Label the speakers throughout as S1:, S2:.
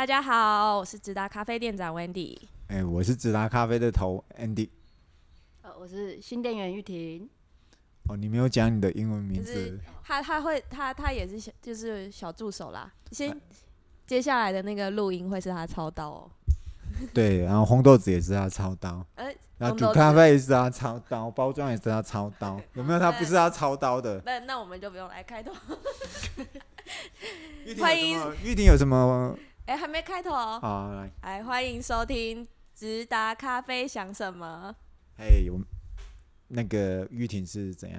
S1: 大家好，我是直達咖啡店長 Wendy。哎、
S2: 欸，我是直達咖啡的頭 Andy。
S1: 呃，我是新店員玉婷。
S2: 哦，你沒有講你的英文名字。
S1: 他他會他他也是小，就是小助手啦。先、哎、接下來的那個錄音會是他操刀、喔。
S2: 對，然後紅豆子也是他操刀、欸。然後煮咖啡也是他操刀，包裝也是他操刀，有沒有他不是他操刀的？那
S1: 那，那我們就不用來開頭。歡 迎玉婷有什麼？哎、欸，還沒開頭好，來、oh, right.，來，歡迎收聽《直達咖啡想什麼》。
S2: 哎，我那個玉婷是怎樣？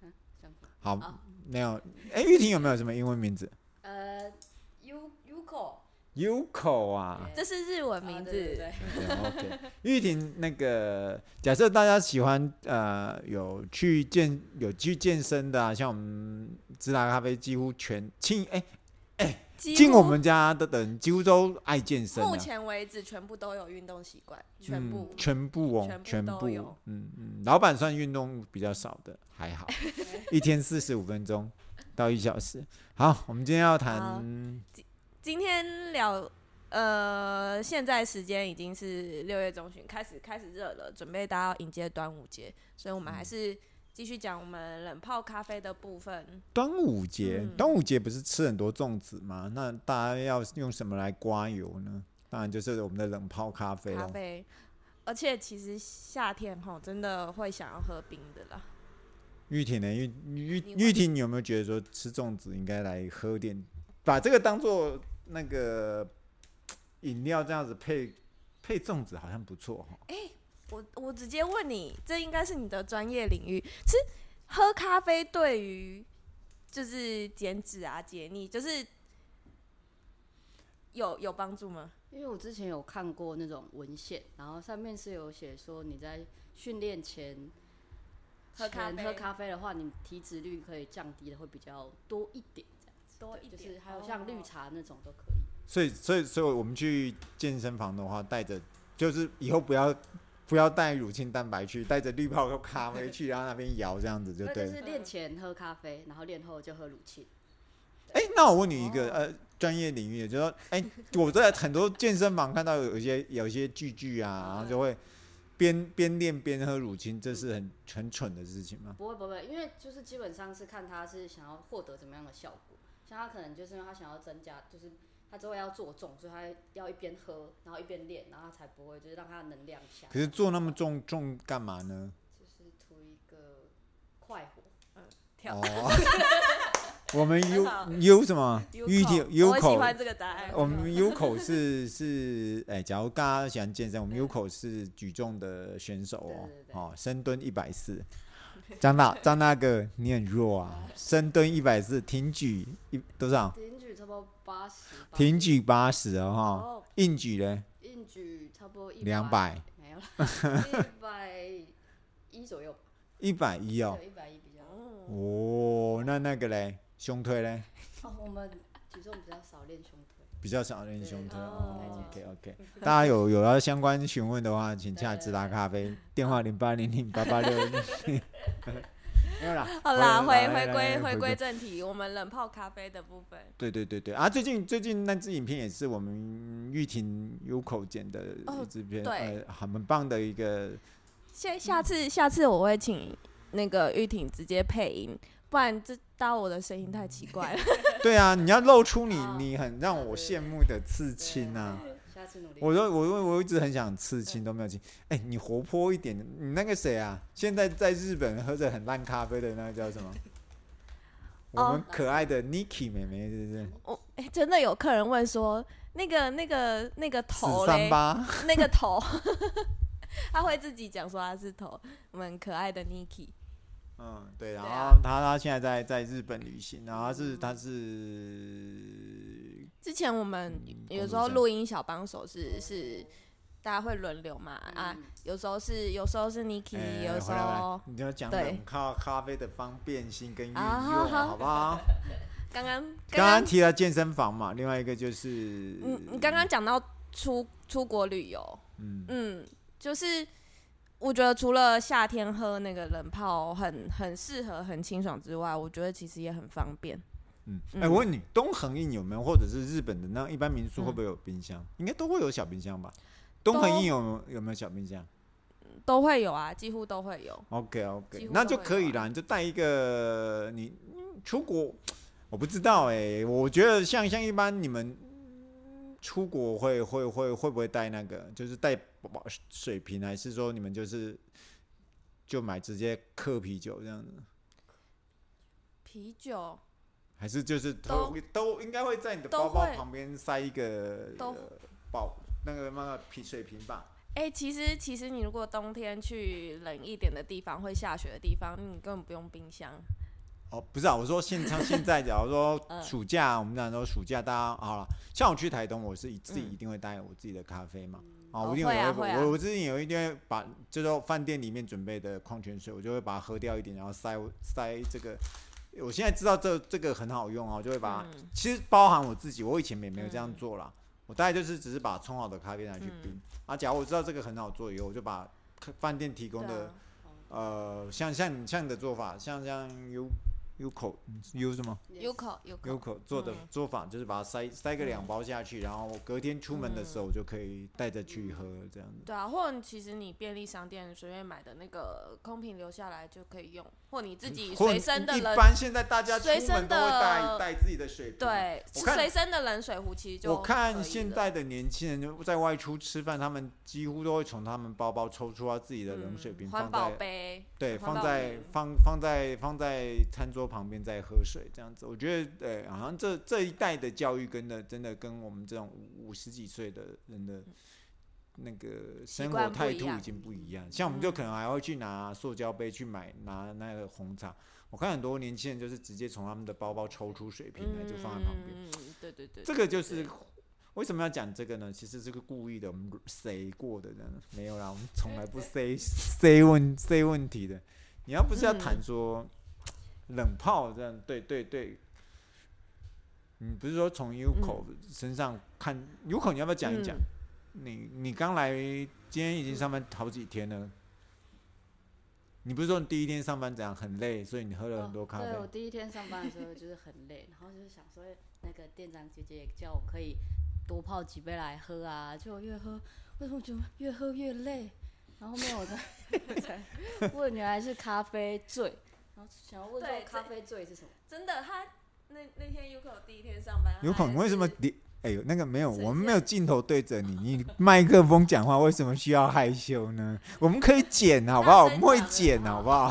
S2: 嗯、樣好，oh. 沒有。哎、欸，玉婷有沒有什麼英文名字？
S1: 呃，U u c o
S2: Uko 啊，yeah. 這
S1: 是日文名字。Oh, 對、對、對 ，OK。
S2: 玉婷，那個假設大家喜歡呃有去健有去健身的，啊，像我們直達咖啡幾乎全清。哎、欸。哎，進我們家的等幾乎都愛健身，目
S1: 前為止全部都有運動習慣，
S2: 全部全部哦，全部，全部都有。嗯嗯，老闆算運動比較少的，還好， 一天四十五分鐘到一小時。好，我們今天要談，
S1: 今天聊，呃，現在時間已經是六月中旬，開始開始熱了，準備要迎接端午節，所以我們還是。嗯繼續講我們冷泡咖啡的部分。
S2: 端午節，端午節不是吃很多粽子嗎？嗯。那大家要用什麼來刮油呢？當然就是我們的冷泡咖啡了。咖
S1: 啡。而且其實夏天哈，真的會想要喝冰的啦。
S2: 玉婷呢？玉玉玉婷，你有沒有覺得說吃粽子應該來喝點，把這個當做那個飲料這樣子配配粽子，好像不錯哈。欸
S1: 我我直接問你，這應該是你的專業領域。其實喝咖啡對於就是減脂啊、解膩，就是有有幫助嗎？因為我之前有看過那種文獻，然後上面是有寫說你在訓練前，前喝咖，前喝咖啡的話，你體脂率可以降低的會比較多一點，這樣子多一點，就是還有像綠茶那種都可
S2: 以。所以所以所以，所以所以我們去健身房的話，帶着就是以後不要。不要帶乳清蛋白去，帶着濾泡咖啡去，然後那邊搖這樣子就對了。就是
S1: 練前喝咖啡，然後練後就喝乳清。
S2: 哎、欸，那我問你一個，哦、呃，專業領域也就是說，哎、欸，我在很多健身房看到有一些 有一些巨巨啊，然後就會邊邊練邊喝乳清，這是很、嗯、很蠢的事情嗎？
S1: 不會不會，因為就是基本上是看他是想要獲得怎麼樣的效果，像他可能就是因為他想要增加就是。他之後要做重，所以他要一邊喝，然後一邊練，然後他才不會，就是讓他能量強。可是
S2: 做那麼重重幹嘛呢？就是
S1: 圖一個快活，呃、
S2: 嗯，跳哦、 我們 u u 什麼？u 體 u 口。我們 u 口是是，哎，假如大家喜歡健身，我們 u 口是舉重的選手哦，哦，深蹲一百四，張大張大哥，你很弱啊，深蹲 140, 一百四，挺舉一多少？挺舉八十了哈、哦，硬舉嘞，
S1: 硬舉差不多一
S2: 百兩百，沒有了，一百一左右，一百一哦，一
S1: 百
S2: 一比較哦,哦,哦。那那個嘞，胸推嘞、哦？我們舉重比較少練胸，比較少練胸推、哦。OK OK，, okay, okay 大家有有要相關詢問的話，請洽直達咖啡對對對對對電話零八零零八八六。啦好啦，好了，回回歸回歸正
S1: 題回，我們冷泡咖啡的部分。
S2: 對對對對啊，最近最近那支影片也是我們玉婷 U 口剪的這支片，哦、對、呃，很棒的一個。
S1: 下下次下次我會請那個玉婷直接配音，嗯、不然這搭我的聲音太奇怪了。
S2: 對啊，你要露出你、哦、你很讓我羨慕的刺青啊。我說，我說，我一直很想刺青都沒有吃。哎、欸，你活潑一點，你那個誰啊？現在在日本喝着很爛咖啡的那個叫什麼？
S1: 我們
S2: 可愛的 Niki 妹妹，是不是？我、哦、哎、
S1: 那個欸，真的有客人問說，那個、那個、那個頭嘞？那個頭， 他會自己講說他是頭。我們可愛的 Niki。
S2: 嗯，對。然後他、啊、他現在在在日本旅行，然後是他是。嗯他是之
S1: 前我們有時候錄音小幫手是是,是大家會輪流嘛、嗯、啊，有時候是有時候是 Niki，、欸、有時候你就要
S2: 講冷泡咖啡的方便性跟運好,好不好？
S1: 剛剛剛剛提了
S2: 健身房嘛，另外一個就是、嗯、你你剛剛
S1: 講到出出國旅遊、嗯，嗯，就是我覺得除了夏天喝那個冷泡很很適合很清爽之外，我覺得其實也很方便。
S2: 嗯，哎、欸，我問你，嗯、東橫 INN 有沒有，或者是日本的那一般民宿會不會有冰箱？嗯、應該都會有小冰箱吧。東橫 INN 有沒有，有沒有小冰箱、
S1: 嗯？都會有啊，幾乎都會有。
S2: OK OK，、啊、那就可以啦，你就帶一個。你、嗯、出國，我不知道哎、欸，我覺得像像一般你們出國會會會會不會帶那個，就是帶水瓶，還是說你們就是就買直接喝啤酒這樣子？啤酒。還是就是都都應該會在你的包包旁邊塞一個包、呃、那個那個瓶水瓶吧。
S1: 哎、欸，其實其實你如果冬天去冷一點的地方，會下雪的地方，你根本不用冰箱。
S2: 哦，不是啊，我說現像現在，假如說暑假， 呃、我們講說暑假，大家、啊、好了，像我去台東，我是自己一定會帶我自己的咖啡嘛。嗯啊、哦，會會。會啊、我我最近有一天把就說飯店裡面準備的礦泉水，我就會把它喝掉一點，然後塞塞這個。我現在知道這這個很好用哦，就會把、嗯，其實包含我自己，我以前也沒有這樣做啦、嗯，我大概就是只是把沖好的咖啡拿去冰。嗯、啊，假如我知道這個很好做，以後我就把飯店提供的，嗯、呃，像像像你的做法，像像，像有。UCO，U 什
S1: 麼？UCO、
S2: UCO 做的、嗯、做法就是把它塞塞個兩包下去、嗯，然後隔天出門的時候就可以帶着去喝、嗯、這樣子。
S1: 對啊，或者其實你便利商店隨便買的那個空瓶留下來就可以用，或你自己隨身的。一般現在大家出門都會帶帶自己的水杯。對，我看隨身的冷水壺其實就我看
S2: 現在的年輕人就在外出吃飯，他們幾乎都會從他們包包抽出啊自己的冷水杯、嗯，環保杯。對，放在放放在放在餐桌。旁邊在喝水，這樣子，我覺得，對、欸。好像這這一代的教育，跟的真的跟我們這種五,五十幾歲的人的，那個生活態度已經不一樣。一樣像我們，就可能還會去拿塑膠杯去買、嗯、拿那個紅茶。我看很多年輕人就是直接從他們的包包抽出水瓶來，就放在旁邊。這個就是為什麼要講這個呢？其實這個故意的我們誰過的人沒有啦，我們從來不塞塞問塞問題的。你要不是要談說？嗯冷泡這樣，對對對。你不是說從 Yuko 身上看，嗯、Yuko 你要不要講一講、嗯？你你剛來今天已經上班好幾天了，嗯、你不是說你第一天上班這樣很累，所以你喝了很多咖啡？哦、對，我第一天上班的時
S1: 候就是很累， 然後就是想說那個店長姐姐也叫我可以多泡幾杯來喝啊，就我越喝為什麼就越喝越累？然後後面我才 問原來是咖啡醉。想要問咖啡醉是什麼？
S2: 真的，他那那天 Yuko 第一天上班有可能，就是，為什麼你哎呦那個沒有，我們沒有鏡頭對着你，你麥克風講話為什麼需要害羞呢？我們可以剪好不好？我們會剪好不好？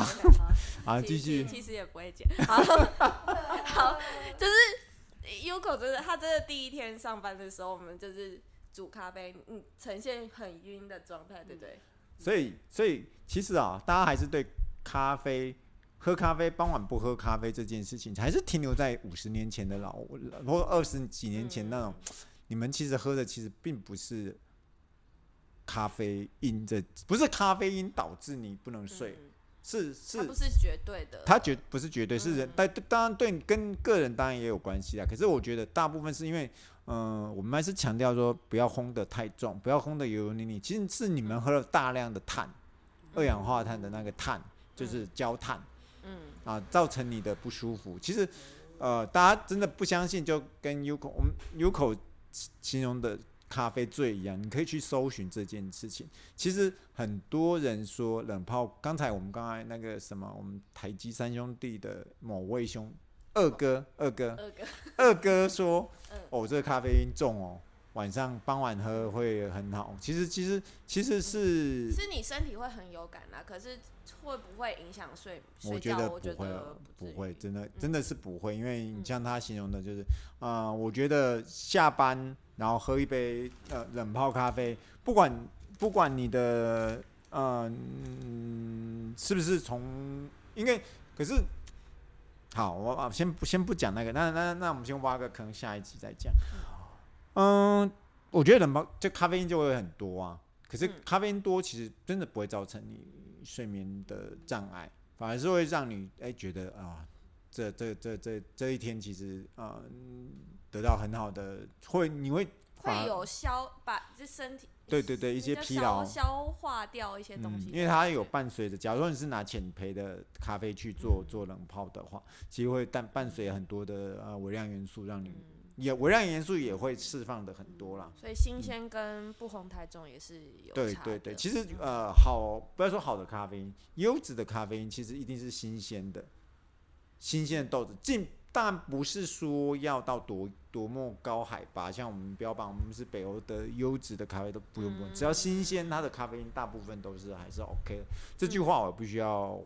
S2: 好，繼續其。其實也不會剪。
S1: 好， 對對對對好，就是 Yuko 真的，他真的第一天上班的時候，我們就是煮咖啡，嗯、呃，呈現很暈的狀態，嗯，對不對，對？
S2: 所以，所以其實啊，哦，大家還是對咖啡。喝咖啡，傍晚不喝咖啡這件事情，還是停留在五十年前的老，我老或二十幾年前的那種、嗯。你們其實喝的其實並不是咖啡因的，不是咖啡因導致你不能睡，是、嗯、是，是不是
S1: 絕對的。它
S2: 絕不是絕對，是人，嗯，但當然對跟個人當然也有關係啊。可是我覺得大部分是因為，嗯、呃，我們還是強調說不要烘得太重，不要烘得油油膩膩。其實是你們喝了大量的碳，二氧化碳的那個碳、嗯、就是焦炭。嗯啊，造成你的不舒服。其實，呃，大家真的不相信，就跟 Yuko 我們 Yuko 形容的咖啡醉一樣，你可以去搜尋這件事情。其實很多人說冷泡，剛才我們剛才那個什麼，我們台積三兄弟的某位兄、二哥、哦，二哥，二哥，二哥說， 哦，這個咖啡因重哦。晚上傍晚喝會很好，其實其實其實是，是，
S1: 你身體會很有感啊。可是會不會影響睡覺？
S2: 我覺得不會，不會，不會，真的、嗯、真的是不會。因為你像他形容的，就是啊、嗯呃，我覺得下班然後喝一杯呃冷泡咖啡，不管不管你的、呃、嗯是不是從，因為可是好，我先不先不講那個，那那那我們先挖個坑，下一集再講。嗯嗯，我覺得冷泡這咖啡因就會很多啊。可是咖啡因多，其實真的不會造成你睡眠的障礙、嗯，反而是會讓你哎、欸、覺得啊，這這這這這一天其實啊，得到很好的，會你會會有消把這、就
S1: 是、身
S2: 體對對對一些疲勞消
S1: 化掉一些東西、嗯，
S2: 因為它有伴隨着。假如你是拿淺焙的咖啡去做、嗯、做冷泡的話，其實會伴伴隨很多的呃微量元素讓你。嗯也微量元素也會釋放的很多啦，嗯，所以新鮮
S1: 跟不紅太重也是有差的，嗯、對對對，其實
S2: 呃好不要說好的咖啡因，優質的咖啡因其實一定是新鮮的，新鮮的豆子進，但不是說要到多多麼高海拔，像我們標榜我們是北歐的優質的咖啡都不用不用，嗯，只要新鮮，它的咖啡因大部分都是還是 OK 的，這句話我必須要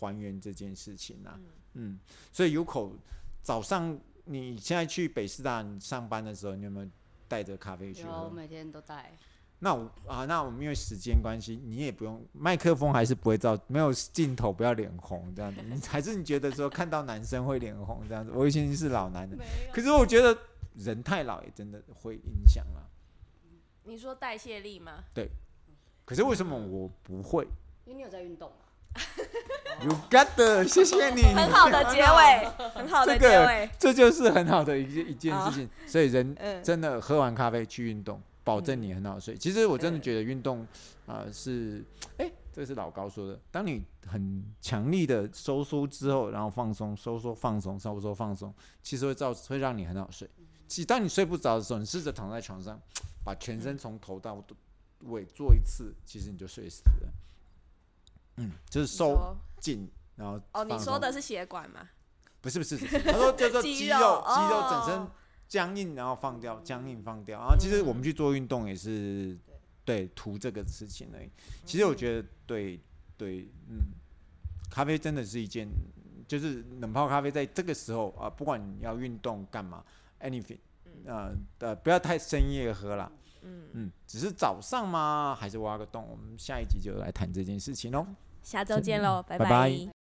S2: 還原這件事情啊，嗯，嗯所以有口早上。你現在去北師大上班的時候，你有沒有帶着咖啡去？有，我每天都帶。那我啊，那我們因為時間關係，你也不用麥克風，還是不會照，沒有鏡頭，不要臉紅這樣子。 還是你覺得說看到男生會臉紅這樣子？我以前是老男的，可是我覺得人太老也真的會影響了、
S1: 啊。你說代謝力嗎？
S2: 對。可是為什麼我不會？
S1: 因為你有在運動。
S2: You got the， 謝謝你。很好的結尾，好，很好的結尾。這個 這就是很好的一一件事情。所以人真的喝完咖啡去運動、嗯，保證你很好睡。其實我真的覺得運動啊、嗯呃、是，哎，這是老高說的。當你很強力的收縮之後，然後放鬆，收縮放鬆，稍收縮放鬆，其實會造會讓你很好睡。嗯、其實當你睡不着的時候，你試着躺在床上，把全身從頭到尾做一次，嗯、其實你就睡死了。嗯，就是收緊，然後放放哦，你說的
S1: 是血管嗎？
S2: 不是不是，他說叫做肌肉， 肌肉整身僵硬，然後放掉、嗯，僵硬放掉。然、啊、後其實我們去做運動也是、嗯、對圖這個事情而已。其實我覺得對對嗯，嗯，咖啡真的是一件，就是冷泡咖啡在這個時候啊、呃，不管你要運動幹嘛，anything，、嗯、呃呃，不要太深夜喝了。嗯嗯，只是早上嗎？還是挖個洞？我們下一集就來談這件事情嘍、哦。下週見嘍，拜拜。拜拜拜拜。